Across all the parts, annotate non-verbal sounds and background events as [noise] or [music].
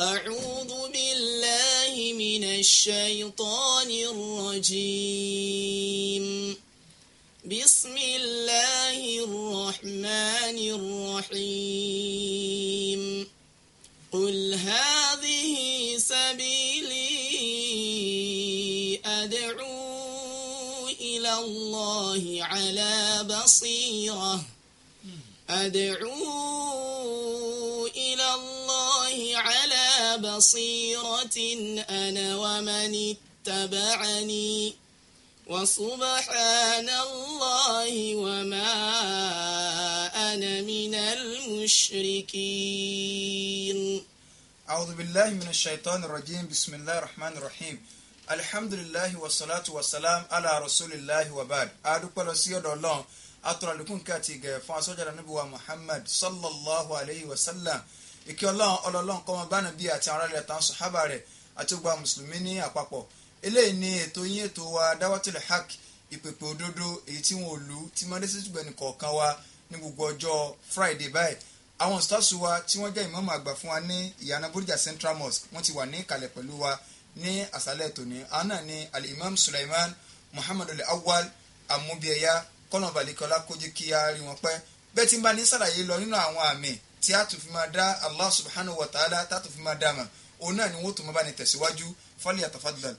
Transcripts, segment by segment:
أعوذ بالله من الشيطان الرجيم بسم الله الرحمن الرحيم قل هذه سبيلي أدعو إلى الله على بصيرة أدعو بصيرة أنا ومن اتبعني وسبحان الله وما أنا من المشركين أعوذ بالله من الشيطان الرجيم بسم الله الرحمن الرحيم الحمد لله والصلاة والسلام على رسول الله وبعد أدو بلوسيو الله أترى لكم كاتيك فانسوجة النبوة محمد صلى الله عليه وسلم ìkí ọlọ́run ọlọ́run kọ́mọ bánà bíi àti àwọn aráàlú àtàwọn sọ̀hábà rẹ̀ àti gba mùsùlùmí ní àpapọ̀ eléyìí ni ètò yín ètò wa dáwọ́tò lè hàk ìpèpè òdodo èyí tí wọn ò lù tí mọ́ndé sí tùgbẹ̀nì kọ̀ọ̀kan wa ní gbogbo ọjọ́ friday báyìí àwọn ìsọ́sù wa tí wọ́n jẹ́ ìmọ̀ọ́mọ̀ àgbà fún wa ní ìyànà bódìjà central mosque wọ́n ti wà ní ìkàlẹ̀ pẹ̀lú wa ní àṣálẹ̀ tòní àwọn náà ni alimami suleiman muhammadu awal amubiyaya kọ́nà balikọ́lá kójú kí a rí wọn pẹ́ bẹ́ẹ̀ tí n bá ní sàlàyé lọ nínú àwọn àmì tí a tún ma dá Allah subhanahu wa ta'ala tá a tún fi máa dá ma òun náà ni wọ́n tún máa bá ní tẹ̀síwájú falyatafaddal.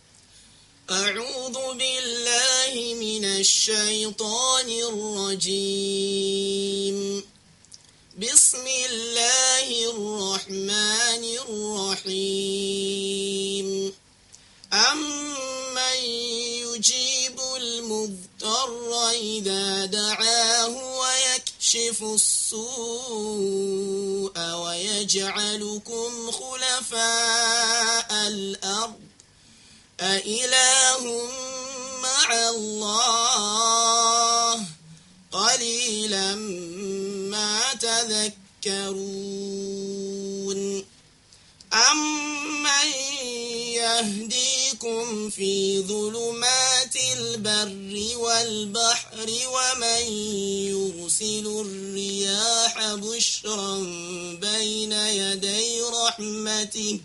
أعوذ بالله من الشيطان الرجيم بسم الله الرحمن الرحيم أمن يجيب المضطر إذا دعاه ويكشف الصلاة السوء ويجعلكم خلفاء الأرض أإله مع الله قليلا ما تذكرون أمن يهديكم في ظلمات البر والبحر ومن يرسل الرياح بشرا بين يدي رحمته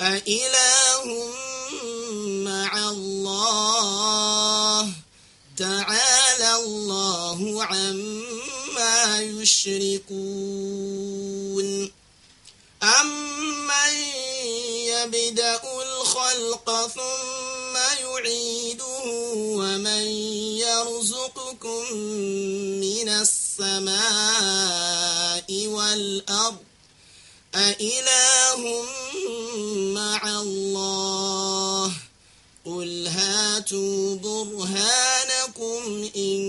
أإله مع الله تعالى الله عما يشركون لكم من السماء والأرض أإله مع الله قل هاتوا برهانكم إن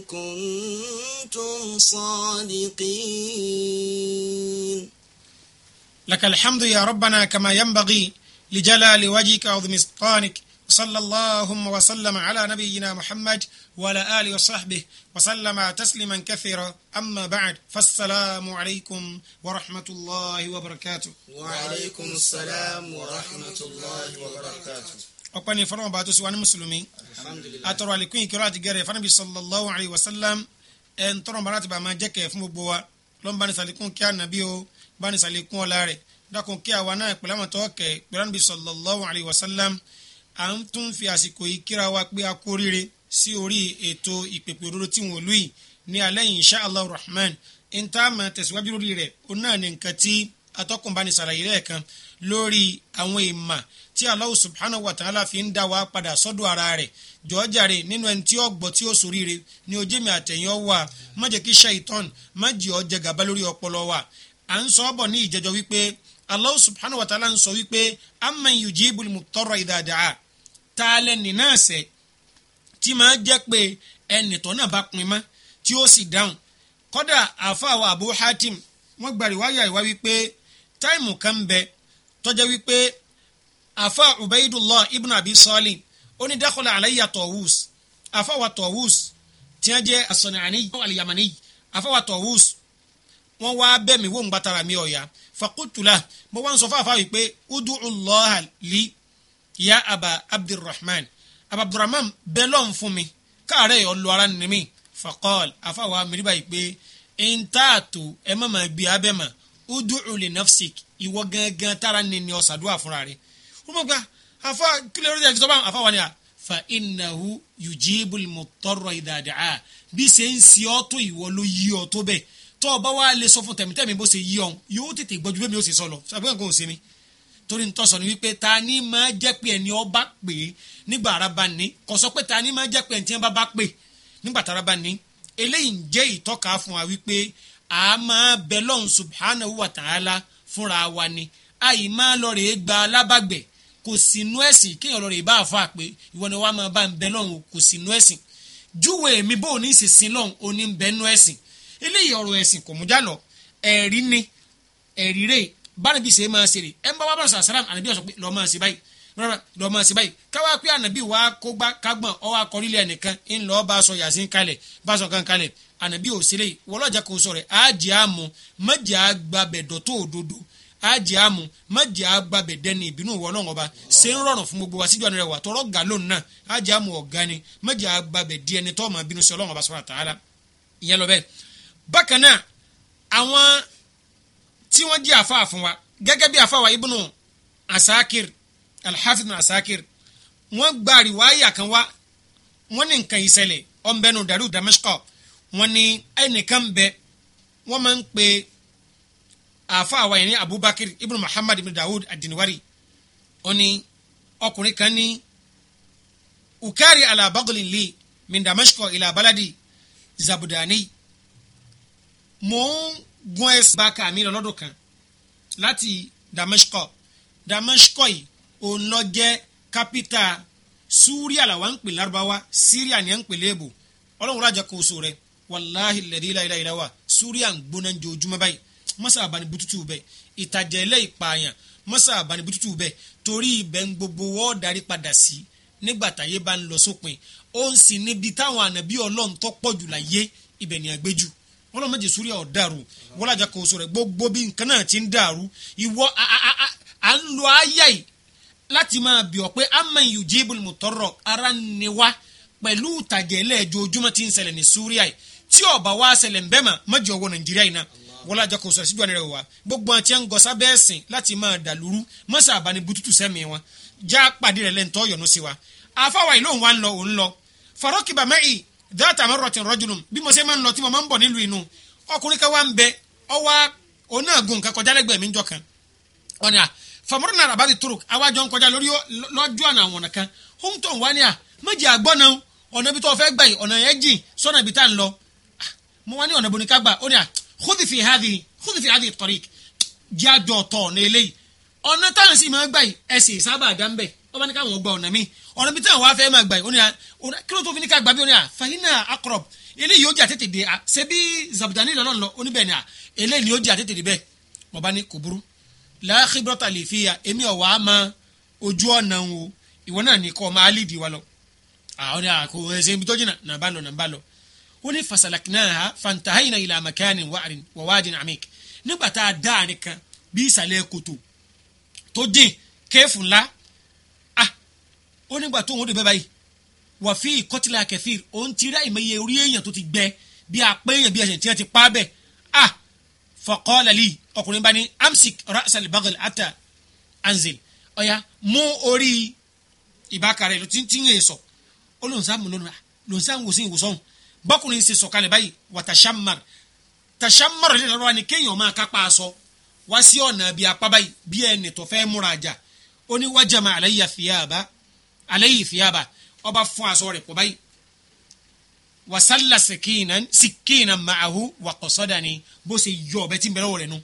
كنتم صادقين لك الحمد يا ربنا كما ينبغي لجلال وجهك وعظم سلطانك صلى الله وسلم على نبينا محمد وعلى آله وصحبه وسلم تسليما كثيرا أما بعد فالسلام عليكم ورحمة الله وبركاته وعليكم السلام ورحمة الله وبركاته ọpẹ́ ni fọlọ́wọ́n bá tó sì wá ní mùsùlùmí àtọ̀rọ̀ àlékún ìkíró àti gẹ̀rẹ̀ fanabi sallallahu alayhi wa sallam ẹ̀ ń tọrọ bàrà ti bàmà jẹ́kẹ̀ fún gbogbo wa lọ́n bá ní sàlékún kí ànábì o bá sàlékún ọ̀la rẹ̀ dákun kí àwa náà pẹ̀lú àwọn tó kẹ̀ pẹ̀lú ànábì sallallahu alayhi wa à ń tún fi àsìkò yìí kíra wa pé a kú oríire sí orí ètò ìpèpè òdodo tí wọn ò lù yìí ní alẹ́ yìí insha allah rahman ntaama tẹ̀síwájú lórí rẹ̀ òun náà ní nǹkan tí atọ́kùnbánisàlàyé lẹ́ẹ̀kan lórí àwọn ìmà tí Allah subhanahu wa ta'ala fi ń dá wa padà sọ́dọ̀ ara rẹ̀ jọ́jàre nínú ẹni tí ó gbọ́ tí ó soríire ni ojúmi àtẹ̀yìn ọ̀wà má jẹ́ kí shaitan má jẹ́ ó gàba lórí ọpọlọ wa à ń sọ bọ̀ ní ìjẹ́jọ́ wípé Allah subhanahu wa ta'ala ń sọ wípé amman yujibul muttarra idha da'a ta lẹ́nì náà sẹ̀ tí máa jẹ́ pé ẹnìtọ́ náà bá pin mọ́ tí ó sì dáhùn kódà àfàwọ Abu Hatim wọ́n gba ìwáyà ìwá wípé táìmù kan ń bẹ tó jẹ́ wípé àfà Ubaidullah ibn Abi Salim ó ní dákọ̀lá alayya Tawus àfàwọ Tawus tí wọ́n jẹ́ as-San'ani al-Yamani àfàwọ Tawus wọ́n wá bẹ́ẹ̀ wọ́n gbàtàrà mi ọ̀yà faqultu lah mo sọ fún àfàwọ̀ wípé ud'u Allah li ya aba abdulrahman aba abdulrahman bẹ́ẹ̀ lọ́n fún mi káàárẹ̀ yọ lọ ara nìmi fakọ́l afáwa mìíràn báyìí pé ń tààtò ẹ má máa gbé abẹ́ mà udu'u li nafsik ìwọ gangan tára ni ni ọ̀sàdúrà fúnra rẹ̀ wọ́n mọ̀ gbà afa kílẹ̀ rẹ̀ ti sọ báwọn afa wà ní à fa innahu yujibul mutarra idha da'a bí ṣe ń si ọ́ tó ìwọ ló yí ọ tó bẹ́ẹ̀ tó o bá wá lè sọ fún tẹ̀mítẹ̀mí bó ṣe yí ọ yóò tètè gbọ́jú bẹ́ẹ̀ mi ó sì sọ lọ ṣàgbéǹkan kò sí ni torí ntọ́sọ̀ ni wípé ta ni máa jẹ́ pé ẹni ọba pè é nígbà araba ní kò sọ pé ta ni máa jẹ́ pé ẹni tí wọ́n bá bá pè nígbà taraba ní eléyìí ń jẹ́ ìtọ́ka fún wa wípé a máa bẹ lọ́hùn subhanahu wa ta'ala fúnra wa ni àyè máa lọ rèé gba alábàgbẹ̀ kò sí inú ẹ̀sìn kéèyàn lọ rèé bá àfa pé ìwọ ni wàá máa bá ń bẹ lọ́hùn kò sí inú ẹ̀sìn júwe mi bó ní ìsinsin lọ́hùn o ń bẹ inú ẹ̀sìn eléyìí ọ̀rọ̀ ẹ̀sìn kò mú jálọ ẹ̀rí ni ẹ̀rí rèé báni bí sèé máa ṣeré ẹ ń bá wà bá sàrà ànàbí ọ̀sọ̀ pé lọ́ọ́ máa ṣe báyìí lọ́ọ́ máa ṣe báyìí káwá pé ànàbí wa kó gbá kágbọ̀n ọwọ́ akọrílẹ̀ nìkan ń lọ́ọ́ bá sọ yàsín kalẹ̀ bá sọ kan kalẹ̀ ànàbí ò ṣeré wọlọ́jà kò sọ̀rọ̀ àjẹ́ àmú mẹ́jẹ́ àgbàbẹ̀ dọ̀tó òdodo àjẹ́ àmú mẹ́jẹ́ àgbàbẹ̀ dẹni ìbínú ìwọ náà ọba ṣe ń rọrùn fún gbogbo wa síjọ́ ni rẹ̀ wà tọrọ gà lónìí tí wọ́n di àfa fún wa gẹ́gẹ́ bí àfa wa ibùnú asakir alhafidun asakir wọ́n gba àríwáyà kan wá wọ́n ní nǹkan ìṣẹ̀lẹ̀ ọ̀nbẹ́nu dàrú damasco wọ́n ní ẹnìkan bẹ wọ́n máa ń pe àfa àwa yẹn ní abubakar ibùnú muhammad ibùnú dawud adinwari wọ́n ní ọkùnrin kan ní ukari alabagulinle min damasco ilà baladi zabudani mò ń gún ẹsẹ̀ bá kàmí lọ lọ́dún kan láti Damashko Damashko yìí òun lọ jẹ́ kápítà Súríà làwọn ń pè lárúbáwá Síríà ni à ń pè léèbò ọlọ́run rájà kó so rẹ wàláhì lẹ́dí láìláì láwà Súríà ń gbóná ju ojúmọ́ báyìí mọ́sá àbáni bututu bẹ́ẹ̀ ìtàjẹ̀ ilé ìpààyàn mọ́sá àbáni bututu bẹ́ẹ̀ torí ibẹ̀ ń gbogbo wọ́ọ̀ darí padà sí nígbà táyé bá ń lọ sópin ó ń sìn níbi táwọn ànàbí ọlọ́run tó pọ̀ jù láyé ibẹ̀ ni àgbéjù wọn lọ méjì súrí ọ̀dàrú wọn làjà kò sọ̀rọ̀ gbogbo bí nǹkan náà ti ń dàrú ìwọ à ń lo ayé yìí láti máa bì ọ́ pé amman yujibul mutarra ara ni wá pẹ̀lú ìtàgẹ́lẹ̀ ojoojúmọ́ ti ń ṣẹlẹ̀ ní súríà yìí tí ọba wa ṣẹlẹ̀ ń bẹ́ mà méjì ọwọ́ nàìjíríà yìí náà wọn làjà kò sọ̀rọ̀ síjú rẹ̀ wá gbogbo àti ẹ̀ ń gọ sábẹ́ ẹ̀sìn láti máa dàlúrú mọ́sà àbáni bututu sẹ́mi wọn já pàdé rẹ̀ lẹ́ńtọ́ yọ̀nù sí wa àfáwà ìlóhùn wa ń lọ òun lọ farokiba mẹ́rin dáàtà máa rọtì rọjò nù bí mo ṣe máa ń lọ tí mo máa ń bọ̀ nílùú inú ọkùnrin kan wá ń bẹ ọwá onáàgùn nǹkan kọjá lẹ́gbẹ̀ẹ́ mi ń jọ kan ọ̀nà famuru náà rabadi turuk awájọ ń kọjá lórí lọ́jọ́ àná àwọn ọ̀nà kan ohun tó ń wá ní à méjì àgbọ́nà ọ̀nà ibi tó fẹ́ gbà yìí ọ̀nà yẹn jìn sọ́nà ibi tá à ń lọ ah, mo wá ní ọ̀nà bonika gbà ó ní à khudhi fi hadhi ọ̀nà bíi táwọn afẹ́ máa gbà yìí kí ló tó fi ní ká gbà bí oníyà fahina akrob eléyìí ó jẹ́ àtètè dé ṣé bí zabudani lọ́nà lọ oníbẹ̀ ni à eléyìí ó jẹ́ àtètè dé bẹ́ẹ̀ mo bá ní kò burú la khibrata li fiya èmi ọ̀wá máa ojú ọ̀nà wo ìwọ náà ní kọ́ máa lídìí wa lọ àwọn ní àkó ẹsẹ̀ ibi tó jìnnà nàbà lọ nàbà lọ ó ní fasalakinaha fantahayina ila makani wa'arin wa amik nígbà tá a dá àárín kan bí ìsàlẹ̀ kòtò tó dín kéèfù ńlá ó nígbà tó òun dé bẹ́ẹ̀ báyìí wà fi ìkọ́tìlá kẹfìr òun ti rí àìmọye orí èèyàn tó ti gbẹ bí apẹ́ èèyàn bí ẹsẹ̀ tí wọ́n ti pa á bẹ̀ à ah! fọkọ́lẹ́lì ọkùnrin bá ní amsik rasal bagel ata anzil ọ̀ya mú orí ìbákarẹ̀ ló ti ń tiyan sọ ó lòun sáà mú lónìí lòun sáà ń wò sí ìwòsàn bọ́kùnrin sì sọ̀kalẹ̀ báyìí wà tàṣàmàr tàṣàmàr lè lọ́wọ́ ni kéèyàn máa kápá aṣọ wá sí ọ̀nà bíi apá báyìí bíi ẹnì tó fẹ́ múra àjà ó ní wájà máa àlàyé àfihàn àbá alayhi thiyaba ọba fún aṣọ rẹ̀ pọ̀ báyìí wasala sikinan sikinan ma'ahu wa qasadani bó ṣe yọ ọ̀bẹ tí ń bẹ lọ́wọ́ rẹ̀ nu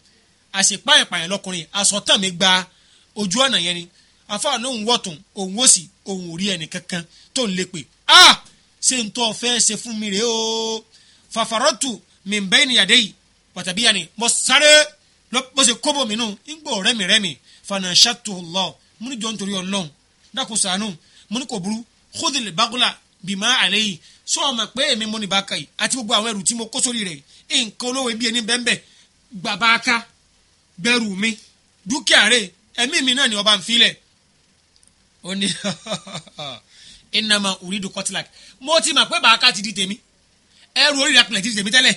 àṣepá ìpààyàn lọkùnrin àsọtàn mi gba ojú ọ̀nà yẹn ni afáà náà ń wọ̀tún òun ó sì òun ò rí ẹnì kankan tó ń lè pè á ṣe ń tọ́ fẹ́ ṣe fún mi rèé o fàfàrọ́tù mi ń bẹ́ẹ̀ níyàdé yìí pàtàbí yanni mo sáré bó ṣe kóbò mi nù ń gbọ́ rẹ́mi rẹ́mi fànà ṣàtúhùn lọ múnijọ́ nítorí ọlọ́run dákun mo ní burú khudil bagula bima alayhi sọ ọmọ pé èmi mo ní bàákà yìí àti gbogbo àwọn ẹrù tí mo kó sórí rẹ̀ nǹkan olówó ibi ẹni bẹ́ẹ̀ gbàbá ká gbẹrù mi dúkìá rẹ̀ ẹ̀mí mi náà ni ọba ń filẹ̀ ó ní ìnàmà òrìdù kọtìlák mo ti mà pé bàákà ti di tèmi ẹrù orí rẹ̀ apilẹ̀ ti di tèmi tẹ́lẹ̀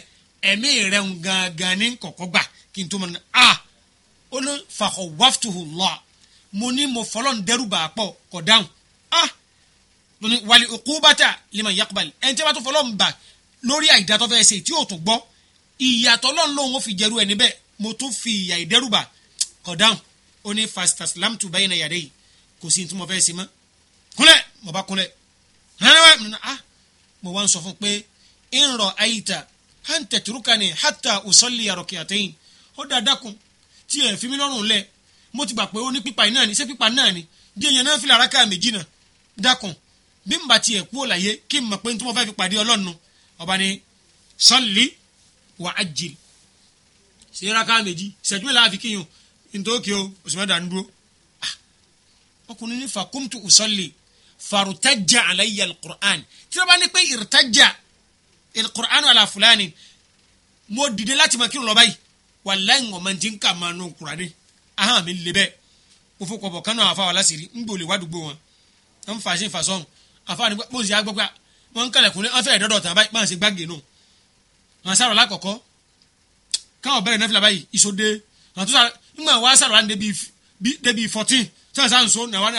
ẹ̀mí rẹ̀ ń gangan ní kọ̀kọ́ gbà kí n tó mọ̀ ní a ah! ó ní fàkọ̀ wàftuhùn lọ́à mo ní mo fọlọ́n dẹ́rù bàápọ̀ kọ̀ dáhùn ah lónìí wàlí òkúbàtà lèmọ̀ yàkùbàlì ẹni tí wọ́n tún fọlọ́ ń bà lórí àìdátọ́ fẹ́ ṣe tí yóò tún gbọ́ ìyàtọ̀ lọ́n lòun ó fi jẹrú ẹni bẹ́ẹ̀ mo tún fi ìyà ìdẹ́rùbà kọ̀dáhùn ó ní fastas lamtu báyìí na yàrá yìí kò sí tí mo fẹ́ ṣe mọ́ kúnlẹ̀ mo bá kúnlẹ̀ ah! mo wá ń sọ fún pé ń rọ àyíta hàn tẹ̀tùrúkà ni hàtà òsọ́lì àròkè àtẹ̀yìn ó dáadáa kun tí ẹ̀ fi mí lọ́rùn lẹ̀ mo ti gbà pé ó ní pípa náà ni ṣé pípa náà ni díẹ̀ yẹn náà fi làrákà méjì náà dákun bí n bá tiẹ̀ kú òlàyé kí n mọ̀ pé n tó mọ̀ fẹ́ fi pàdé ọlọ́nu ọba ni sọ́ọ̀lì wà á jìrì sèrè ká méjì sẹ́jú ìlà àfi kíyàn ntòkè o oṣù mẹ́ta ń dúró ah, ọkùnrin ní fakumtu usọ́lì farutajà alayya alukur'an tí wọ́n bá ní pé irtajà alukur'an ala fulani mo dìde láti mọ̀ kí n lọ báyìí wàláyé ń ọmọ ti ń kà máa nù kúránì ahọ́n mi lè bẹ́ẹ̀ mo fọkọ̀ kánú àwọn afáwọn aláṣìírí ń gbòòlè wádùúgbò wọn ń fa ṣe ń fa sọ́hùn àfáàní bó ṣe agbọ́ pé wọ́n ń kẹlẹ̀kùn ní wọ́n fẹ́ẹ̀ dọ́dọ̀ tàn báyìí máa ṣe gbági nù wọ́n sàrọ̀ lákọ̀ọ́kọ́ káwọn bẹ̀rẹ̀ náà fìlà báyìí ìṣòde wọ́n tún sàrọ̀ nígbà wọ́n sàrọ̀ láti débi fourteen sàn sàn so náà wọ́n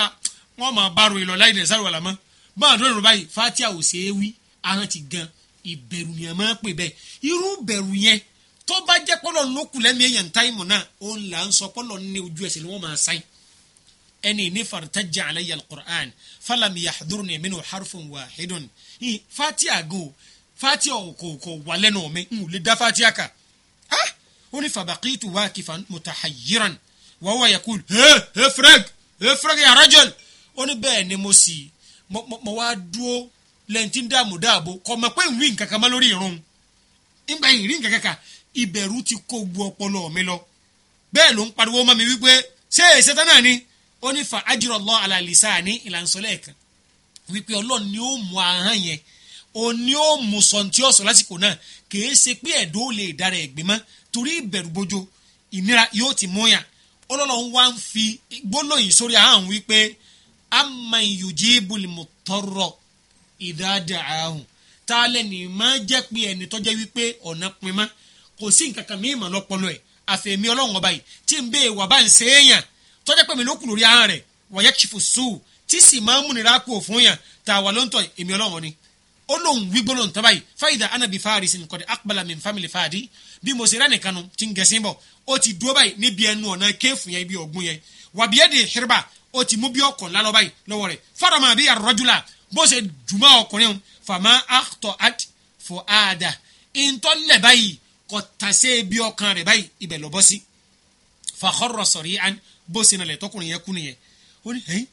máa bá ro ìlọ̀ láì lẹ̀ sàrọ̀ wàlámọ́ báwọn dúró báyìí fatia ò ṣe é wí ahọ́n ti gan ìbẹ̀rù a máa pè bẹ́ẹ̀ irú bẹ̀rù yẹn tó bá jẹ́ pọ́lọ́ lókùlẹ́mí èèyàn ẹni ní fartajà alayya al-Qur'an falam yahdurni minhu harfun wahidun fatia gan fatia kò wà lẹ́nu mi n ò lè dá fatia kà á ó ní fabaqitu waqifan mutahayyiran wa huwa yaqul he he Frank he Frank ya rajul ó ní bẹ́ẹ̀ ni mo sì mo wá dúró lẹ́yìn tí ń dààmú dáàbò kọ́ mọ̀ pé ń wí nǹkan lórí irun nígbà yìí rí nǹkan kan ìbẹ̀rù ti kó gbu ọpọlọ mi lọ bẹ́ẹ̀ ló ń pariwo mọ́ mi wípé ṣé èsì náà ni ó ní fa ajúrò lọ alàlìsá ní ìlànsọ́lẹ̀ kan wípé ọlọ́run ni ó mú ahọ́n yẹn ó ní ó mú sọ̀ǹtì ọ̀sọ̀ lásìkò náà kìí ṣe pé ẹ̀dọ́ ò lè dára ẹ̀gbìn torí ìbẹ̀rù bojo ìnira yóò ti mú yàn ọlọ́run wá ń fi gbólóyìn sórí ahọ́n wípé amma yujibul mutarra idha da'ahu tá a lẹ́nu máa jẹ́ pé ẹni tọ́jẹ́ wípé ọ̀nà pin mọ́ kò sí nǹkan kan mí ìmọ̀ lọ́pọlọ ẹ̀ àfẹ̀mí ọlọ́run ọba yìí tí ń bẹ́ẹ̀ wà bá ń ṣe é yàn tọ́jà pé mi ló kù lórí ahọ́n rẹ̀ wọ̀nyẹ́ chifu sùn tí sì máa ń múnira kú òfun yàn tá a wà ló ń tọ́ èmi ọlọ́run ni ó lóun wí gbólóhùn tó báyìí fáyidà anabi fáàrí sí nìkan akpala mi family fáàdí bí mo ṣe ránì kanu ti ń gẹ̀sìn bọ̀ ó ti dúró báyìí níbi ẹnu ọ̀nà kéèfù yẹn ibi ọ̀gbun yẹn wàbí ẹ̀dì ìṣẹ́rẹ́bà ó ti mú bí ọkọ̀ ńlá báyìí lọ́wọ́ rẹ̀ fárọ̀mà bí àrọ́júlà bó ṣe jùmọ̀ ọkùnrin fàmà àtọ̀ àt fò àdà ìntọ́lẹ̀ báyìí kọ̀tàṣe bí ọkàn rẹ̀ báyìí ibẹ̀ lọ́bọ́sí fàkọ́rọ̀ sọ̀rí bó ṣe nàlẹ̀ tọkùnrin yẹn kú nìyẹn ó ní ẹ̀yìn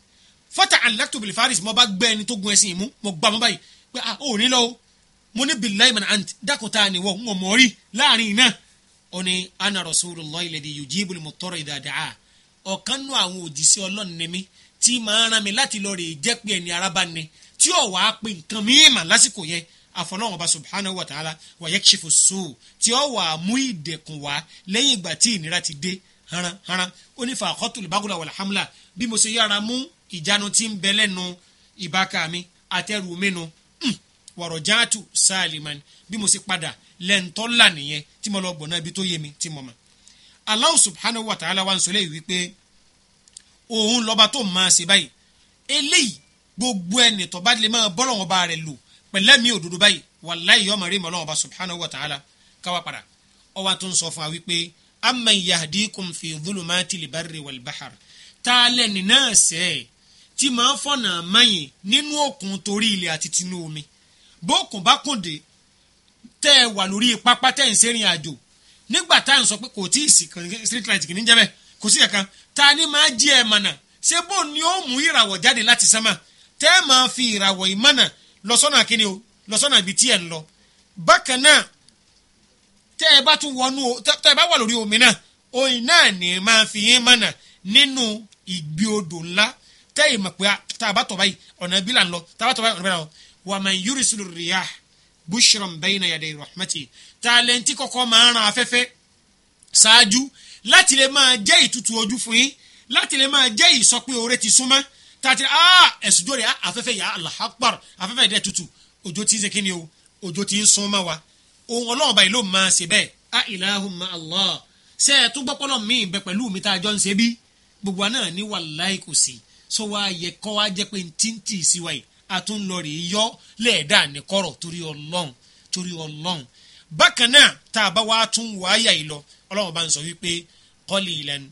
fata alakto bil faris mo bá gbẹ ẹni tó gun ẹṣin mú mo gbà mọ́ báyìí pé a ah, ò ní lọ o mo ní bilayi mana ant dákòtà ni wọ́n ń wọ̀ mọ́ rí láàrin iná ó ní ana rasulullah ilẹ̀ di yujibul mutara ìdàdàá ọ̀kan nù àwọn òjíṣẹ́ ọlọ́run ni mí tí máa rán mi láti lọ rè jẹ́ pé ẹni araba ni tí ò wá pe nǹkan mímà lásìkò yẹn àfọlọ́wọn ọba subhanahu wa ta'ala wa yakshifu tí ó wà mú ìdẹ̀kùn wá lẹ́yìn ìgbà tí ìnira ti dé haran haran ó ní fàkọ́tùlù bágùlà wàlà hamla bí mo ṣe yára mú ìjánu tí ń bẹ lẹ́nu ìbáka mi àtẹrù mẹ́nu hmm. wọ̀rọ̀ jáàtù sálíman bí mo ṣe padà lẹ́ńtọ́ là nìyẹn tí mo lọ gbọ̀nà ibi tó yé mi tí mo mọ̀. Allah subhanahu wa ta'ala wa ń sọlẹ̀ yìí wípé òun lọ́ba tó máa ṣe báyìí eléyìí gbogbo ẹni tó bá lè máa bọ́lọ̀ wọn bá rẹ̀ lò pẹ̀lẹ́ mi òdodo báyìí wàláyé yọmọ rí mọ́lọ́wọ́n subhanahu wa ta'ala káwá padà ọwọ́ tó ń fún wa wípé amman yahdikum fi dhulumatil barri wal bahar taalẹ̀ nínú ẹ̀sẹ̀ tí máa ń fọ̀nà mayìn nínú òkun torí ilẹ̀ àti tinú omi bókun bá kùndé tẹ́ ẹ wà lórí pápá tẹ́ ń sẹ́rìn àjò nígbà tá à ń sọ pé kò tí ì sí street light kì í jẹ́ bẹ́ẹ̀ kò sí kankan ta ni máa jí ẹ mọ̀nà ṣé bó ni ó mú ìràwọ̀ jáde láti sánmà tẹ́ ẹ máa fi ìràwọ̀ ìmọ̀nà lọ́sọ́nà kíni o lọ́sọ́nà ibi tí ẹ̀ ń lọ bákan náà tẹ́ ẹ bá tún wọnú tẹ́ ẹ bá wà lórí omi náà oyin náà ní máa fi yín mọ̀nà nínú ìgbì odò ńlá tẹ́ ẹ pé tá a bá tọ̀ báyìí ọ̀nà bí là ń lọ tá a bá tọ̀ báyìí ọ̀nà bí là ń lọ wa man yurisilu riyah bushran bayna yaday rahmati tàlẹ́ntì kọ́kọ́ máa ń ran afẹ́fẹ́ ṣáájú láti lè máa jẹ́ ìtutù ojú fún yín láti lè máa jẹ́ ìsọpin oore ti súnmọ́ tàti ẹ̀sùn jòrè afẹ́fẹ́ yà Allah akbar afẹ́fẹ́ ìdẹ́ tutù òjò ti ń ṣe kí o òjò ti ń sún wa òun ọlọ́run báyìí ló ma ṣe bẹ́ẹ̀ a ilahum ma allah ṣe é tún gbọ́pọ́lọ́ míì bẹ pẹ̀lú mi tá a jọ ń ṣe bí gbogbo wa náà ní wàláì kò sí sọ wá yẹ kọ́ wá jẹ́ pé ti ń tì sí wa yìí a tún lọ rèé yọ lẹ́ẹ̀dá ní kọ́rọ̀ torí ọlọ́run torí ọlọ́run bákan náà tá a bá wá tún wáyà yìí lọ ọlọ́run bá ń sọ wípé qalilan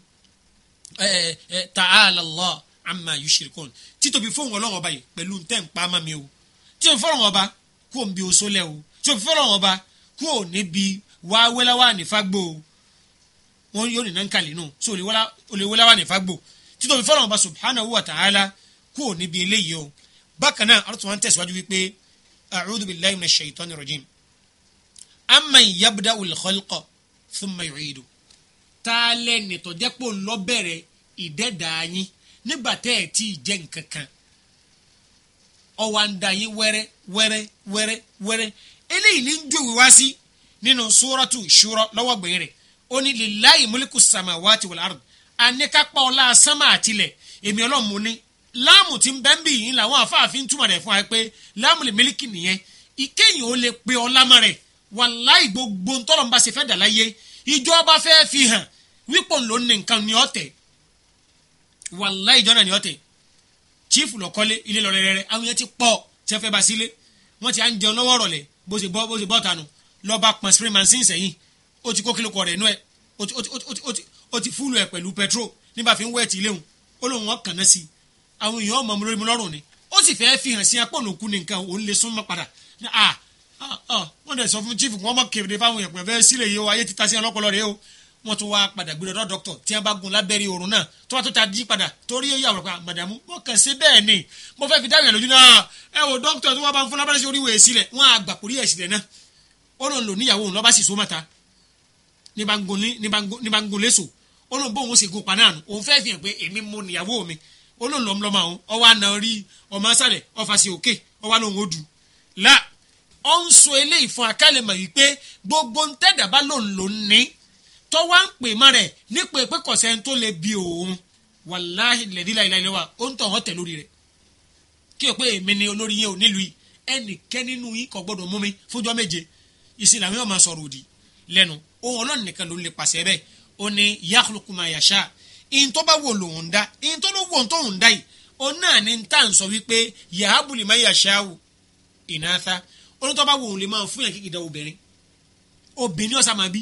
ta'ala allah amma yushrikun títóbi fóun ọlọ́run ọba yìí pẹ̀lú ntẹ́ ń pa ama mi o tí o fọ́ràn ọba kó o ń oṣó lẹ́ tí o fọ́ràn ọba kúò níbi wá wẹ́láwà nífàgbò wọn yóò nínà ń kàlẹ́ nù so olè wẹ́láwà nífàgbò títóbi fọlọ́n ọba subhanahu wa ta'ala kúò níbi eléyìí o bákan náà arúgbó wọn tẹ̀síwájú wípé a'udhu billahi minash shaitani rajim amman yabda'ul khalqa thumma yu'idu ta lẹ́ni tó jẹ́ pé ńlọ nígbà tẹ́ ẹ̀ tí ì jẹ́ nǹkan kan yín wẹ́rẹ́ wẹ́rẹ́ wẹ́rẹ́ wẹ́rẹ́ eléyìí ní jòwé wá sí nínú sóràtù ṣúrọ lọ́wọ́ gbẹ̀yìn rẹ̀ ó ní lillahi múlíkù samawati wal ard àníkápá ọlá sánmà àtìlẹ̀ èmi ọlọ́run mo ní láàmù tí ń bẹ́ ń bì yín làwọn afáàfin túmọ̀ rẹ̀ fún wa pé láàmù lè mílíkì nìyẹn ìkéyìn ó lè pe ọlá mọ́ rẹ̀ wàláì gbogbo ntọ́lọ̀ ń bá ṣe fẹ́ dà láyé ìjọba fẹ́ fi hàn wípò ló ní nǹkan ní ọ̀tẹ̀ wàláì jọ́nà ní ọ̀tẹ̀ chief lọ́kọ́lé ilé lọ́rẹ́rẹ́rẹ́ àwọn yẹn ti pọ̀ tí wọ́n fẹ́ bá sílé wọ́n ti à ń jẹun lọ́wọ́ rọ̀lẹ́ bó ṣe bọ́ bó ṣe bọ́ tanu lọ́ba pọn spray machine sẹ́yìn ó ti kó kílò kọ̀ rẹ̀ nú ẹ̀ ó ti fúlù ẹ̀ pẹ̀lú petrol nígbà fi ń wẹ̀ tí ilé òun ó lóun wọn kàn náà sí i àwọn èèyàn ọmọ mi lórí lọ́rùn ni ó sì fẹ́ fi hàn sí apọ̀ lòkù ní nǹkan òun lè súnmọ́ padà ah, ah, ah. wọ́n dẹ̀ sọ fún chief wọ́n mọ̀ kéde fáwọn èèyàn pẹ̀lú sílẹ̀ yìí o ayé títa sí ọlọ́pọ̀lọ́ rẹ̀ o wọ́n tún wá padà gbé lọ́dọ̀ dọ́kítọ̀ tí wọ́n bá gun lábẹ́rẹ́ oorun náà tó bá tó ta jí padà torí ó yà wọ́n pa ah, màdàmú mo kàn ṣe bẹ́ẹ̀ ni mo fẹ́ fi dá ìrìn lójú náà ẹ wo dọ́kítọ̀ tó wá bá ń fún lábẹ́rẹ́ sí oríwò èsì rẹ̀ wọ́n á gbà kórí èsì rẹ̀ náà ó lòun lò níyàwó òun lọ́ba sì so mọ́ta ní bá ń gun léṣo ó lòun bóun sì gun paná òun fẹ́ fi hàn pé èmi mo níyàwó mi ó lòun lọ́mọ lọ́mọ àwọn ọwọ́ àna rí ọmọ sálẹ̀ la ó ń so eléyìí fún akálẹ̀ mọ̀ wípé gbogbo tọ́wá ń pè mọ́ rẹ̀ nípe pé kọ̀sẹ́ ń tó lè bi òun wàláhì lẹ́dílà ìlà ìlẹ́wà ó ń tọ̀ tẹ̀ lórí rẹ̀ kí o pé èmi ni olórí yẹn ò nílùú yìí ẹnìkẹ́ nínú yín kò gbọ́dọ̀ mú mi fúnjọ́ méje ìsìlẹ̀ àwọn yóò máa sọ̀rọ̀ òdì lẹ́nu òun ọlọ́run nìkan ló lè pàṣẹ bẹ́ẹ̀ ó ní yakhluqu ma yasha ìǹtọ́ bá wò lòun dá ìǹtọ́ ló wò tó ń dá yìí òun náà ni tá à ń sọ wípé yahabu liman yasha'u inatha onítọ́ bá wò lè máa fún yàn kíkì dá obìnrin obìnrin ọ̀sà máa bí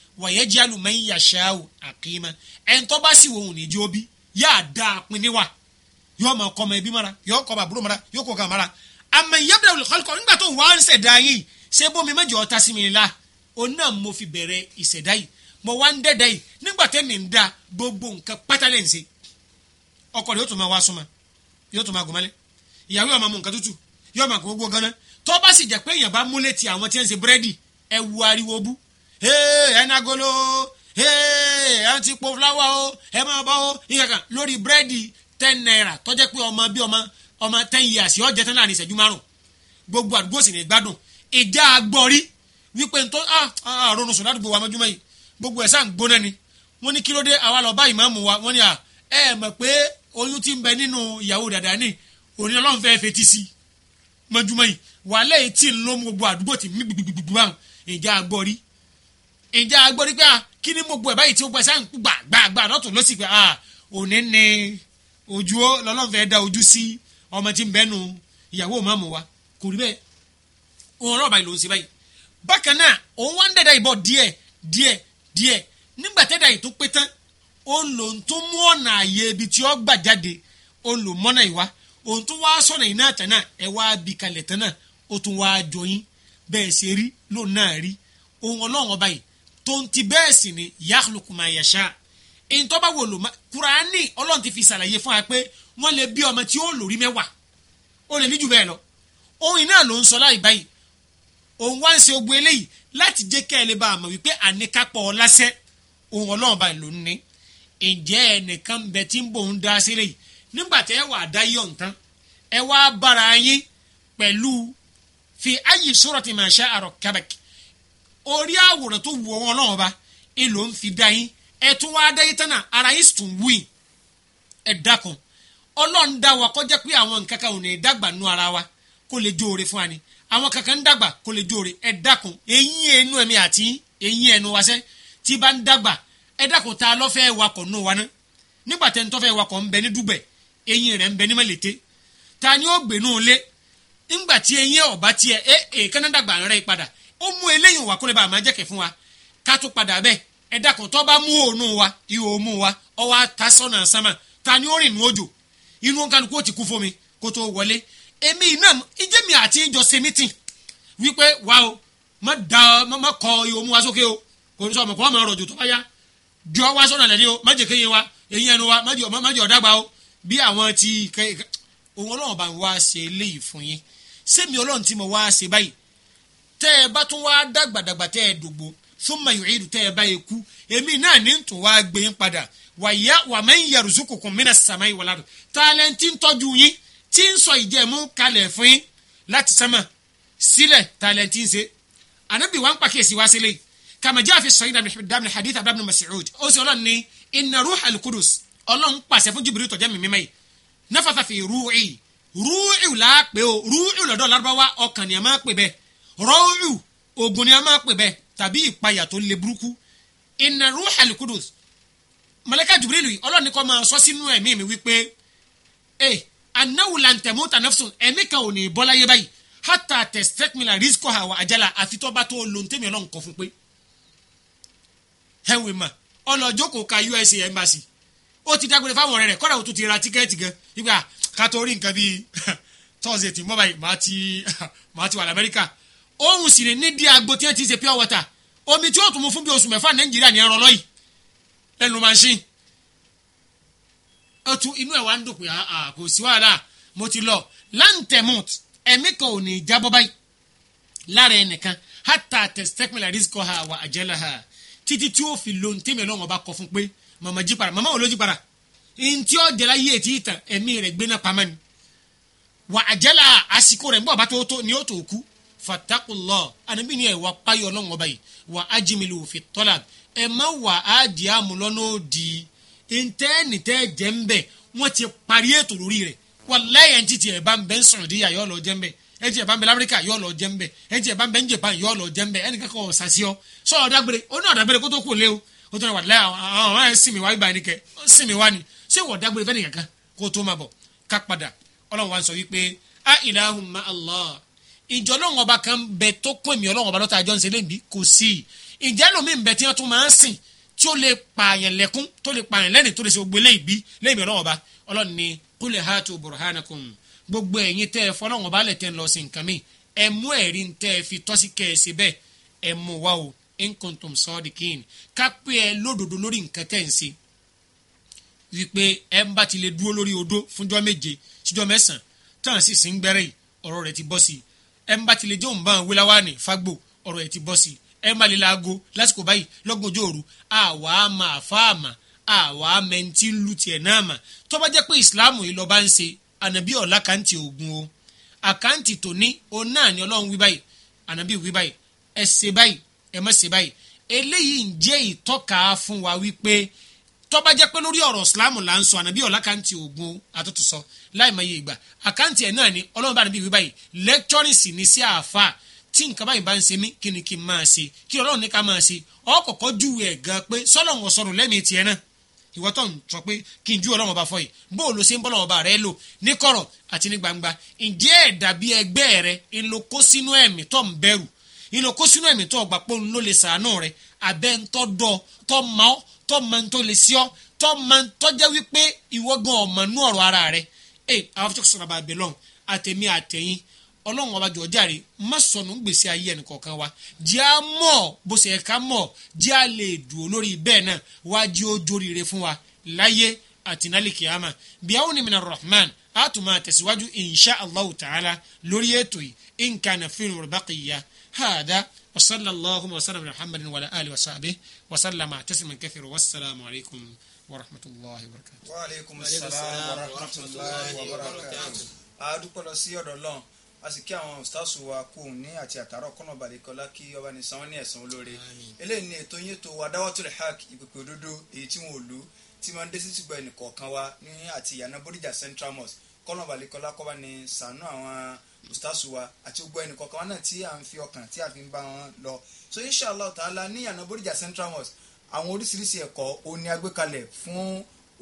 wọ̀yẹ́ jẹ́ alùmẹ́yìn yàṣẹ́ o àkìmá ẹni tó bá sì wò ó níjó bí yáa da àpin níwà yóò máa kọ́ ọmọ ẹbí mara yóò kọ́ bàbúrò mara yóò kọ́ ọ̀gá mara àmọ́ ìyábẹ̀rẹ̀ olùkọ́lùkọ́ nígbà tó wà ń ṣẹ̀dá yìí ṣé bómi mẹ́jọ ọ̀tá sí mi la òun náà mo fi bẹ̀rẹ̀ ìṣẹ̀dá yìí mo wá ń dẹ́dá yìí nígbà tẹ́mi ń da gbogbo nǹkan pátálẹ̀ ń ṣe ọkọ yóò tún máa wá súnmọ́ yóò tún máa gùn ìyàwó yóò máa mú nǹkan tútù yóò máa gbogbo ganan tó bá sì jẹ́ pé èèyàn bá múlẹ̀ ti àwọn tí ń ṣe búrẹ́dì ẹ ariwo bú ẹni agolo àǹtí po fúláwà o ẹ máa bọ́ o ìkankan lórí búrẹ́dì ten naira tó jẹ́ pé ọmọ bí ọmọ ọmọ ten years yóò jẹ tán láàrin ìṣẹ́jú márùn gbogbo àdúgbò sì ní gbádùn ìjà agbọ́rí wípé ntọ́ àrùn sùn ládùúgbò wa mọ́júmọ́ yìí gbogbo ẹ̀ sáà ń gbóná ni wọ́n ní kí ló dé àwa lọ bá ìmáàmù wa wọ́n ní à ẹ mọ̀ pé oyún ti ń bẹ nínú ìyàwó dàdà ní òní ọlọ́run fẹ́ fetí sí mọ́júmọ́ yìí wàhálà yìí tí ń lómú gbogbo àdúgbò ti mí gbìgbìgbìgbì báwọn ìjà agbọ́rí ìjà agbórí pé ah, kí ni gbogbo ẹ̀ báyìí tí ó gbẹ sáà ń gbà gbà gbà lọ́tún ló pé ah, òní ni ojú lọ́lọ́fẹ́ da ojú sí ọmọ tí ń bẹ́nu ìyàwó wa kò rí bẹ́ẹ̀ òun ọ̀rọ̀ báyìí ló ń ṣe báyìí bákan náà òun wá ń dẹ̀dà ìbọn díẹ̀ díẹ̀ díẹ̀ nígbà tẹ́dà yìí tó pé tán òun ń tún mú ọ̀nà àyè ibi tí ó gbà jáde òun mọ́nà ìwá òun tún sọ̀nà yìí náà ẹ wá bi kalẹ̀ tán ó tún wá jọyín bẹ́ẹ̀ ṣe rí lóun tonti bẹ́ẹ̀ sì ni yakhluqu ma yasha ntọ́ba wo lò kúránì ọlọ́run ti fi ṣàlàyé fún wa pé wọ́n lè bí ọmọ tí ó lórí mẹ́wàá ó lè ní jù bẹ́ẹ̀ lọ orin náà ló ń sọ láì báyìí òun wá ń ṣe ogun eléyìí láti jẹ́ kẹ́ ẹ lè bá a mọ̀ wípé àníkápọ̀ ọlásẹ́ òun ọlọ́run bá lò ń ní ǹjẹ́ ẹnìkan ń bẹ tí ń bò ń dá sí eléyìí nígbà tẹ́ ẹ wà á dá yọ̀ nǹkan ẹ wá bára yín pẹ̀lú fi ayyi surati ma sha'a rakkabaki orí àwòrán tó wù ọwọ́ ọlọ́run ọba èlò ń fi dá yín ẹ tún wá dá yín tánà ara yín sì tún wí ẹ dákun ọlọ́run dá wa kọjá pé àwọn nǹkan kan ò ní dàgbà nú ara wa kó lè jóore fún wa ni àwọn kankan ń dàgbà kó lè jóore ẹ dákun eyín ẹnu ẹ̀mí àti eyín ẹnu wa sẹ́ tí bá ń dàgbà ẹ ta lọ́fẹ́ wakọ̀ nù wa ná nígbà tẹ́ ń tọ́fẹ́ wakọ̀ ń bẹ ní dùgbẹ̀ eyín rẹ̀ ń ta ni ó lé tí eyín tiẹ̀ ẹ ó mú eléyìí wá kólébà máa jẹ́kẹ̀ fún wa ká tún padà bẹ́ẹ̀ ẹ dákun tó bá mú òórùn wa ihò mú wa ọwọ́ àtàsọ́nà sánmà ta ni ó rìn ní òjò inú kálukú ó ti kú fún mi kó tó wọlé èmi náà ìjẹ́ mi àti ìjọ ṣe mítìn wípé wà o má da má kọ ihò mú wa sókè o kò ní sọ ọmọ kó wọn tó bá yá jọ wá sọ́nà lẹ́ni o má jẹ́ kéyin wa èyí ẹnu wa má jẹ́ ọ̀dàgbà o bí àwọn ti òun ọlọ́run bá wá ṣe eléyìí fún yín sẹ́mi ọlọ́run tí mo wá ṣe báyìí tẹ́ ẹ bá tún wá dàgbàdàgbà tẹ́ ẹ dògbò súnmọ́ yòó ìlú tẹ́ ẹ bá yẹ kú èmi náà ní tún wá gbé yín padà wàyà wàmẹ́ ń yẹrù zukùkùn mí náà sàmá yìí wọlá tálẹ́ǹtì ń tọ́jú yín tí ń sọ ìjẹ̀mú kalẹ̀ fún yín láti sánmà sílẹ̀ tálẹ́ǹtì ń ṣe anabi wa ń pàkíyèsí wá sílẹ̀ kàmájà àfi sọ̀yìn dàbí hadith abdul rọ́ọ̀yù ogun ni a máa pè bẹ́ẹ̀ tàbí ìpayà tó le burúkú inna ruhal kudus màláíkà Jibrilu yìí Ọlọ́run ni kó máa sọ sínú ẹ̀mí mi wípé ẹ eh, anáwó lantẹ̀mú tanafsun ẹ̀mí kan ò ní bọ́ láyé báyìí hátà tẹ̀sítẹ́kìmìlà rísíkò àwọn àjálà àfi tó bá tó lóńtẹ́mi Ọlọ́run kọ fún pé ẹ̀wìn mà ọlọ́jọ́kọ̀ ka USA embassy ó ti dágbére fáwọn ọ̀rẹ́ rẹ̀ kọ́dà ó tún ti ra tíkẹ́ẹ̀tì gan ìgbà ah, ká tó rí nǹkan bíi [laughs] Thursday tí mọ́ báyìí [laughs] màá ti wà lamẹ́ríkà òun sì rè nídìí agbo tí wọ́n ti ṣe pure water omi tí ó tún mu fún bí oṣù mẹ́fà nàìjíríà ní ẹ̀rọ lọ́yìí lẹ́nu machine ó tún inú ẹ̀ wá ń dùn pé kò sí wàhálà mo ti lọ láǹtẹ̀mùt ẹ̀mí kan ò ní jábọ́ báyìí lára ẹnìkan hátà tẹ̀sítẹ́pìlà rìsíkọ ha wà àjẹlá ha títí tí ó fi lóun tèmi ọlọ́run ọba kọ fún pé màmá jí para màmá ò ló jí para ntí ó jẹ́ra yí ètí ìtàn ẹ̀mí rẹ̀ gbéná pamọ́ ni wà àjẹlá àsìkò rẹ̀ ń bọ̀ bá tó tó ni ó tó kú fatakulọ anabi ni ẹ wá páyọ ọlọ́run ọba yìí wà á jìmìlì òfin tọ́lá ẹ má wà á di àmúlọ́nà òdì ntẹ́ẹ̀nì tẹ́ẹ̀ jẹ́ ń bẹ̀ wọ́n ti parí ètò lórí rẹ̀ wàláyé ẹni títí ẹ̀ bá ń bẹ́ ń sọ̀rọ̀ díyà yóò lọ jẹ́ ń bẹ̀ ẹni tí ẹ̀ bá ń bẹ lamẹ́ríkà yóò lọ jẹ́ ń bẹ̀ ẹni tí ẹ̀ bá ń bẹ ń japan yóò lọ jẹ́ ń bẹ̀ ẹni kankan ọ̀sà sí ọ sọ ọ̀dàgbére ó ní ọ̀dàgbére kó tó ibà ni kẹ sìn mi ni ṣé ọ̀dàgbére fẹ́ nìkan kó tó máa bọ̀ ká padà ọlọ́run wa sọ wípé a ilahumma Allah ìjọ lọ́wọ́n ọba kan bẹ tó kún èmi ọlọ́wọ́n ọba lọ́ta àjọ ń ṣe kò sí i ìjẹ́ lómi ń bẹ tí wọ́n tún máa ń sìn tí ó lè pààyàn lẹ́kún tó lè pààyàn lẹ́ni tó lè ṣe gbogbo eléyìí bí lẹ́mi ọlọ́wọ́n ọba ọlọ́run ni kúlẹ̀ hàtó burhanakum gbogbo ẹ̀yin tẹ́ ẹ fọlọ́wọ́n ọba lẹ̀ tẹ́ ń lọ sí nǹkan mi ẹ mú ẹ̀rí tẹ́ ẹ fi tọ́sí kẹ́ ẹ ṣe bẹ́ẹ̀ ẹ mú wa o in kuntum sadiqin ká pé ẹ lódodo lórí nǹkan tẹ́ ń ṣe wípé ẹ ń bá ti lè dúró lórí odó fúnjọ́ méje síjọ́ mẹ́sàn-án tán sì sí ń gbẹ́rẹ́ ọ̀rọ̀ rẹ̀ ti bọ́ sí i ẹ ń bá tilẹ̀ jẹ́ òun wíláwá ní fagbo ọ̀rọ̀ ẹ̀ ti bọ́ sí i ẹ má lè laago lásìkò báyìí lọ́gbọ̀njọ́ òru àwa àmà àfáàmà àwa mẹ́ntì ń lu tiẹ̀ náà mà tó bá jẹ́ pé ìsìláàmù yìí lọ bá ń ṣe ànàbí ọ̀la kàǹtì ògùn o àkàǹtì tòní òun náà ni ọlọ́run wí báyìí ànàbí wí báyìí ẹ ṣe báyìí ẹ má ṣe báyìí eléyìí ń jẹ́ ìtọ́ka fún wa wípé tọ́ba jẹ́ pé lórí ọ̀rọ̀ islam là ń sọ ànábì ọ̀la kàǹtì ogun àtútù sọ láì mọ iye ìgbà àkáǹtì ẹ̀ náà ni ọlọ́run bá ànábì wí báyìí lẹ́kítọ́rì sì ní sí àáfà tí nǹkan báyìí bá ń ṣe mí kí ni kí n máa ṣe kí ọlọ́run ní ká máa ṣe ọkọ̀ọ̀kọ́ júwe ẹ̀ gan pé sọ́lọ́run ọ̀sọ̀rọ̀ lẹ́mìí tiẹ̀ náà ìwọ tó ń sọ pé kí n ju ọlọ́run ọba fọ yìí bó o ṣe ń bọ́lọ́run ọba rẹ lò ní kọ̀rọ̀ àti ní gbangba ǹjẹ́ ẹ̀dà bí ẹgbẹ́ rẹ ńlọ kó sínú ẹ̀mí tó ń bẹ̀rù ńlọ kó sínú ẹ̀mí tó ọgbà pé òun ló lè sàánú rẹ abẹ́ ń tọ́ dọ̀ tọ́ máa tọ́ máa ń tó lè sí ọ́ tọ́ máa ń tọ́jẹ́ wípé ìwọ gan ọ̀mọ̀ nú ọ̀rọ̀ ara rẹ̀ ẹ àwọn afẹ́fẹ́ sọ̀rọ̀ àbàbẹ̀ lọ́hùn àtẹ̀mí àtẹ̀yìn ọlọ́run ọba jọ̀ọ́ jàre má sọnù gbèsè ayé ẹnì kọ̀ọ̀kan wa jẹ́ a mọ̀ bó ṣe ká mọ̀ jẹ́ a lè dùn lórí bẹ́ẹ̀ náà wá jí ó jóríire fún wa láyé àti nálìkì àmà bí àwọn onímọ̀ rahman a tún máa tẹ̀síwájú insha Allahu ta'ala lórí ètò yìí in kana fil baqiya hada وصلى الله وسلم على محمد وعلى آله وصحبه وسلم تسليما كثيرا والسلام عليكم ورحمة الله وبركاته وعليكم السلام ورحمة الله وبركاته adúpẹ́ lọ sí ọ̀dọ̀ Ọlọ́run a sì kí àwọn ọ̀sítàṣù wa kú ní àti àtàrọ̀ kọ́nà balẹ̀kọ́lá kí ọba ní sanwó ní ẹ̀sán olóore eléyìí ni ètò yín tó wa dáwọ́tò rẹ̀ hák ìpèpè òdodo èyí tí wọn ò lù tí máa ń dé sí ṣùgbọ́n ẹnì kọ̀ọ̀kan wa ní àti ìyànà Bódìjà Central Mosque kọ́nà balẹ̀kọ́lá kọ́ba ní sànú àwọn ustaz wa àti gbogbo ẹnì kọ̀ọ̀kan wa náà tí à ń fi ọkàn tí a fi ń bá wọn lọ so inshallah ta'ala ní ànábóríjà central mosque àwọn oríṣiríṣi ẹ̀kọ́ òní agbékalẹ̀ fún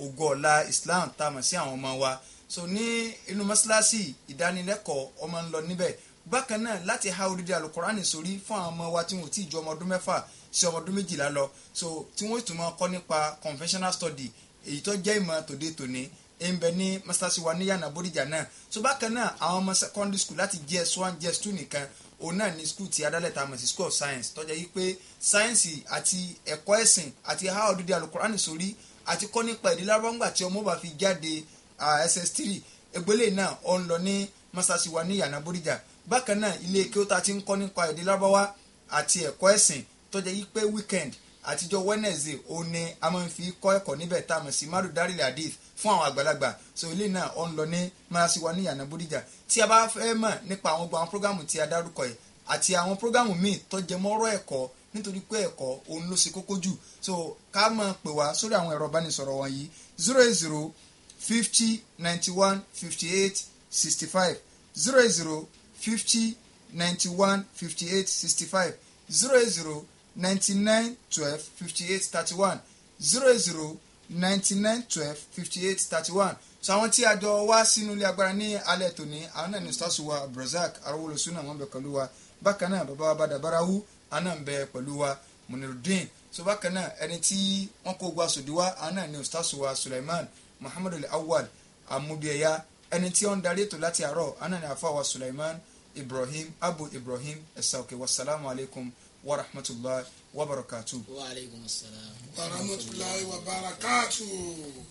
ògo ọ̀la islam tá a mọ̀ sí àwọn ọmọ wa so ní inú mọ́ṣáláṣí ìdánilẹ́kọ̀ọ́ ọmọ ń lọ níbẹ̀ bákan náà láti ha odidi alukurani sórí fún àwọn ọmọ wa tí wọn ò tí ì ju ọmọ ọdún mẹ́fà sí ọmọ ọdún méjìlá lọ so tí wọn ò tún máa kọ́ nípa conventional study èyí tó jẹ́ ìmọ̀ tòde tòní mbẹ ní masters wa ní yànnà bódìjà náà so bákan náà àwọn ọmọ secondary school láti js one js two nìkan òun náà ní school ti adálẹ̀ta àmọ̀ sí school of science tọ́jà yìí pé sáyẹ́nsì àti ẹ̀kọ́ ẹ̀sìn àti how do the alukurani sórí àti kọ́ nípa èdè lárúbáńgbà tí ọmọ bá fi jáde ss three egbélé náà ó ń lọ ní masters wa ní yànnà bódìjà bákan náà ilé kí ó ta ti ń kọ́ nípa èdè lárúbáwá àti ẹ̀kọ́ ẹ̀sìn tọ́jà yìí pé weekend àtijọ́ wednesday òun ni a máa ń fi kọ́ ẹ̀kọ́ níbẹ̀ tá a mọ̀ sí madu darila hadith fún àwọn àgbàlagbà so ilé náà ó ń lọ ní márasiwa ní ìyànà bódìjà tí a bá fẹ́ mọ̀ nípa àwọn gbogbo àwọn prógámù tí a dárúkọ yìí àti àwọn prógámù míì tó jẹ ẹ̀kọ́ nítorí pé ẹ̀kọ́ òun ló ṣe kókó jù so ká máa pè wá sórí àwọn ẹ̀rọ ìbánisọ̀rọ̀ wọ̀nyí zero eight zero fifty ninety one fifty eight sixty five zero eight zero fifty ninety one fifty eight sixty five zero eight zero ninety nine twelve fifty eight thirty one zero eight zero ninety nine twelve fifty eight thirty one so àwọn tí a jọ wá sínú ilé agbára ní alẹ́ tòní àwọn náà ní sitasu wa Abdulrasaq arúgbólosúnà wọn bẹ pẹ̀lú wa bákan náà bàbá wa bàdà bárahu àwọn náà ń bẹ pẹ̀lú wa munirudin so bákan náà ẹni tí wọn kó gba sòdí wa àwọn náà ní sitasu wa Suleiman Muhammadu Awwal amúdíẹ̀yà ẹni tí wọn ń darí ètò láti àárọ̀ àwọn náà ní àfọwà Suleiman Ibrahim Abu Ibrahim ẹ̀sà òkè wasalaamualeykum wa rahmatulahi wa barakatu. wa aleykum salaam. wa